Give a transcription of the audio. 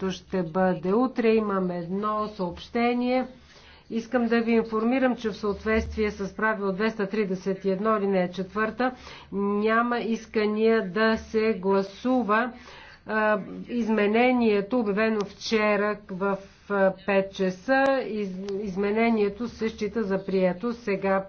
което ще бъде утре. Имам едно съобщение. Искам да ви информирам, че в съответствие с правило 231 или не четвърта няма искания да се гласува а, изменението, обявено вчера в 5 часа. Из, изменението се счита за прието сега.